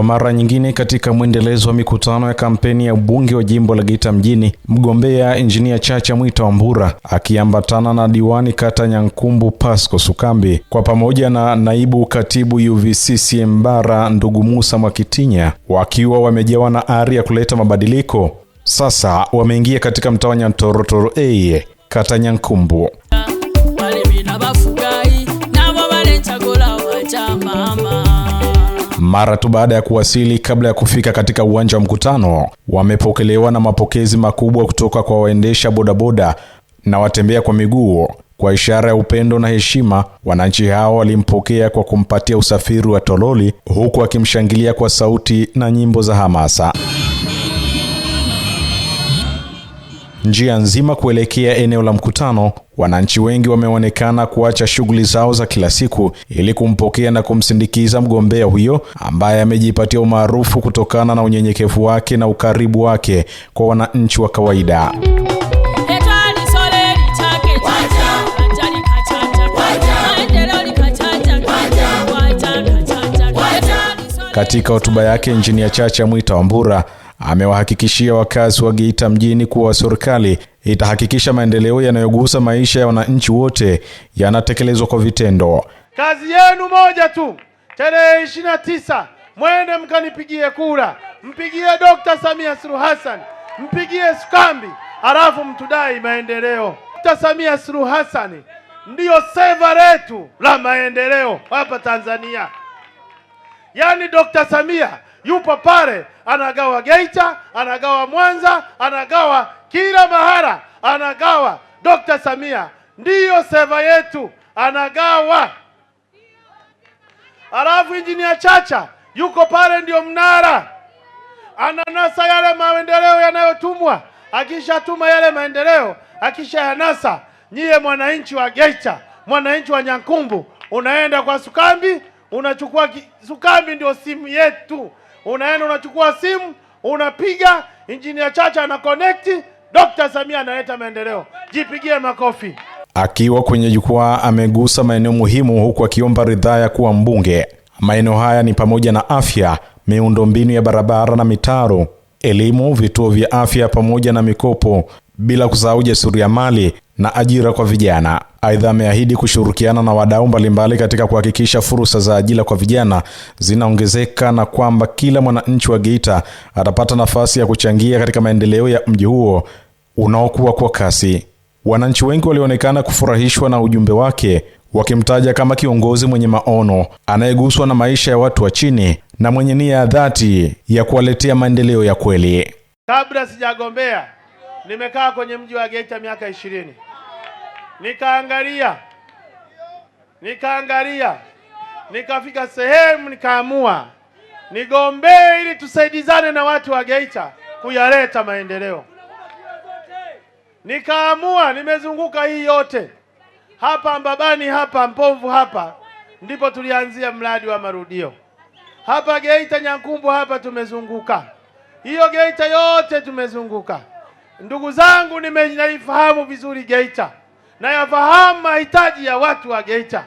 Kwa mara nyingine katika mwendelezo wa mikutano ya kampeni ya ubunge wa jimbo la Geita mjini, mgombea Injinia Chacha Mwita wa mbura akiambatana na diwani kata Nyankumbu Pasco Sukambi kwa pamoja na naibu katibu UVCCM Bara ndugu Musa Mwakitinya wakiwa wamejawa na ari ya kuleta mabadiliko, sasa wameingia katika mtaa wa Nyantorotoro A kata Nyankumbu Mara tu baada ya kuwasili, kabla ya kufika katika uwanja wa mkutano, wamepokelewa na mapokezi makubwa kutoka kwa waendesha bodaboda na watembea kwa miguu. Kwa ishara ya upendo na heshima, wananchi hao walimpokea kwa kumpatia usafiri wa toroli, huku akimshangilia kwa sauti na nyimbo za hamasa. njia nzima kuelekea eneo la mkutano, wananchi wengi wameonekana kuacha shughuli zao za kila siku ili kumpokea na kumsindikiza mgombea huyo ambaye amejipatia umaarufu kutokana na unyenyekevu wake na ukaribu wake kwa wananchi wa kawaida. Katika hotuba yake, Injinia Chacha Mwita Wambura amewahakikishia wakazi wa Geita mjini kuwa serikali itahakikisha maendeleo yanayogusa maisha ya wananchi wote yanatekelezwa kwa vitendo. Kazi yenu moja tu, tarehe ishirini na tisa mwende mkanipigie kura, mpigie Dokta Samia Suluhu Hassan, mpigie Sukambi, halafu mtudai maendeleo. Dokta Samia Suluhu Hassan ndiyo seva letu la maendeleo hapa Tanzania. Yaani Dokta Samia yupo pale, anagawa Geita, anagawa Mwanza, anagawa kila mahala, anagawa. Dr. Samia ndiyo seva yetu, anagawa. Alafu injinia Chacha yuko pale, ndio mnara, ananasa yale maendeleo yanayotumwa. Akishatuma yale maendeleo, akisha yanasa, nyiye mwananchi wa Geita, mwananchi wa Nyankumbu, unaenda kwa Sukambi, unachukua ki... Sukambi ndio simu yetu unaenda unachukua simu unapiga, injinia Chacha ana connect, Dr. Samia analeta maendeleo. Jipigie makofi. Akiwa kwenye jukwaa amegusa maeneo muhimu, huku akiomba ridhaa ya kuwa mbunge. Maeneo haya ni pamoja na afya, miundombinu ya barabara na mitaro, elimu, vituo vya afya pamoja na mikopo bila kusahau jasiriamali na ajira kwa vijana. Aidha, ameahidi kushirikiana na wadau mbalimbali katika kuhakikisha fursa za ajira kwa vijana zinaongezeka na kwamba kila mwananchi wa Geita atapata nafasi ya kuchangia katika maendeleo ya mji huo unaokuwa kwa kasi. Wananchi wengi walionekana kufurahishwa na ujumbe wake, wakimtaja kama kiongozi mwenye maono anayeguswa na maisha ya watu wa chini na mwenye nia ya dhati ya kuwaletea maendeleo ya kweli. Kabla sijagombea Nimekaa kwenye mji wa Geita miaka ishirini, nikaangalia nikaangalia, nikafika sehemu nikaamua nigombee ili tusaidizane na watu wa Geita kuyaleta maendeleo. Nikaamua, nimezunguka hii yote hapa Mbabani, hapa Mpomvu, hapa ndipo tulianzia mradi wa marudio. Hapa Geita Nyankumbu, hapa tumezunguka hiyo Geita yote tumezunguka Ndugu zangu, nimeifahamu vizuri Geita, nayafahamu mahitaji ya watu wa Geita.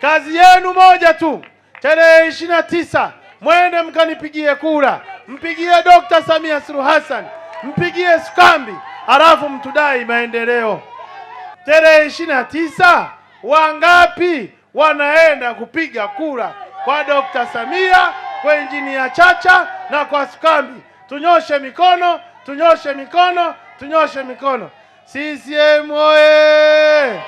Kazi yenu moja tu, tarehe ishirini na tisa mwende mkanipigie kura, mpigie Dokta Samia Suluhu Hassan, mpigie Sukambi, halafu mtudai maendeleo. Tarehe ishirini na tisa wangapi wanaenda kupiga kura kwa Dokta Samia, kwa Injinia Chacha na kwa Sukambi? Tunyoshe mikono, tunyoshe mikono. Tunyoshe mikono. CCM oye!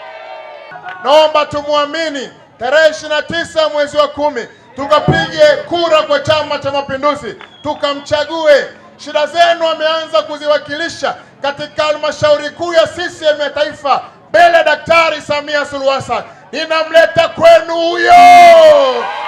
Naomba tumwamini, tarehe ishirini na tisa mwezi wa kumi tukapige kura kwa Chama cha Mapinduzi, tukamchague. Shida zenu ameanza kuziwakilisha katika halmashauri kuu ya CCM ya taifa mbele ya Daktari Samia Suluhu Hassan, ninamleta kwenu huyo.